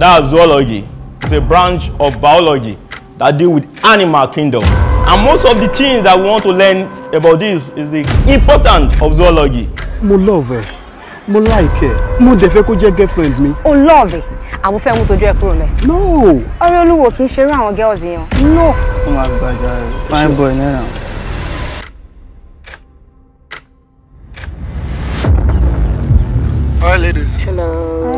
That's zoology. It's a branch of biology that deal with animal kingdom. And most of the things that we want to learn about this is the importance of zoology. Mo love it. Mo like it. Mo dẹ̀ fe kó jẹ́ girlfriend mi. O love it. Àwọn fẹ́ mú tojú ẹ kúrò lẹ̀. No. Ọ̀rẹ́ olúwo kì í ṣerú àwọn girls yẹn. No. Ó máa gbàjà rẹ̀. Fine boy náírà. Hi ladies. Hello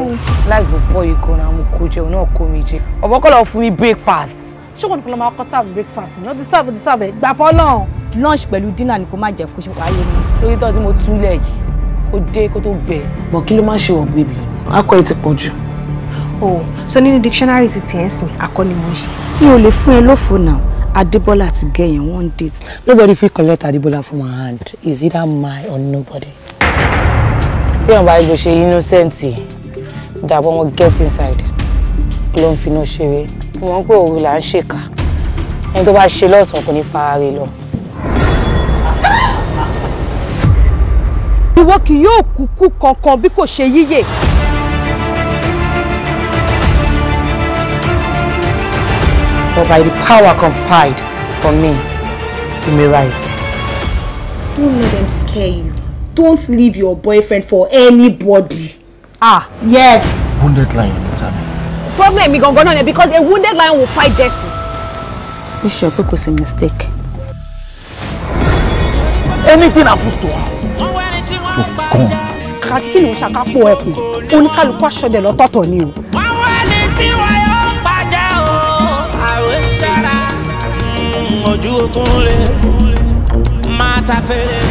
bọ́ yìí gan-an àwọn kò jẹun náà kò mí jẹ ọ̀bọ̀ kọ́ lọ fún mi breakfast. ṣé wọn nìkan ló máa kọ́ sáàbù breakfast náà ti sáàbù ti sáàbù ẹ̀ gbà fọ́ lunch pẹ̀lú dinner ni kò má jẹ́ kó ṣe wáyé mi. lórí tó tí mo túlẹ̀ yìí kó dé kó tó gbẹ. bọ̀ kí ló máa ṣe wọ̀ bèbí akọ ẹ ti pọ̀ o so nínú dictionary ti tiẹ̀ sìn akọ ni mo ń ṣe. mi ò lè fún ẹ lófo náà Adébọ́lá àti Gẹ̀yìn one date. nobody fit collect Adébọ́lá from my hand is either mine or nobody. bí wọn bá yẹ bó ṣe innocent yìí dàbọ̀ wọn get inside ló ń finá ṣeré wọn pé òru là ń ṣèkà ẹni tó bá ṣe lọ́sàn-án kò ní faraare lọ. ìwọ kì yóò kúkú kankan bí kò ṣe yíyè. But by the power conferred on me, you may rise. Don't let them scare you. Don't leave your boyfriend for anybody. Ah, yes. Wounded lion, Tammy. Problem is, gangan náà ni because a wounded lion will fight death. Be sure pé was a mistake. Anything happens to her. you come. Kàkí kí ni o ṣàkápò ẹkùn? Oníkálukú aṣọ́dẹ lọ́tọ̀ọ̀tọ̀ ni o. Àwọn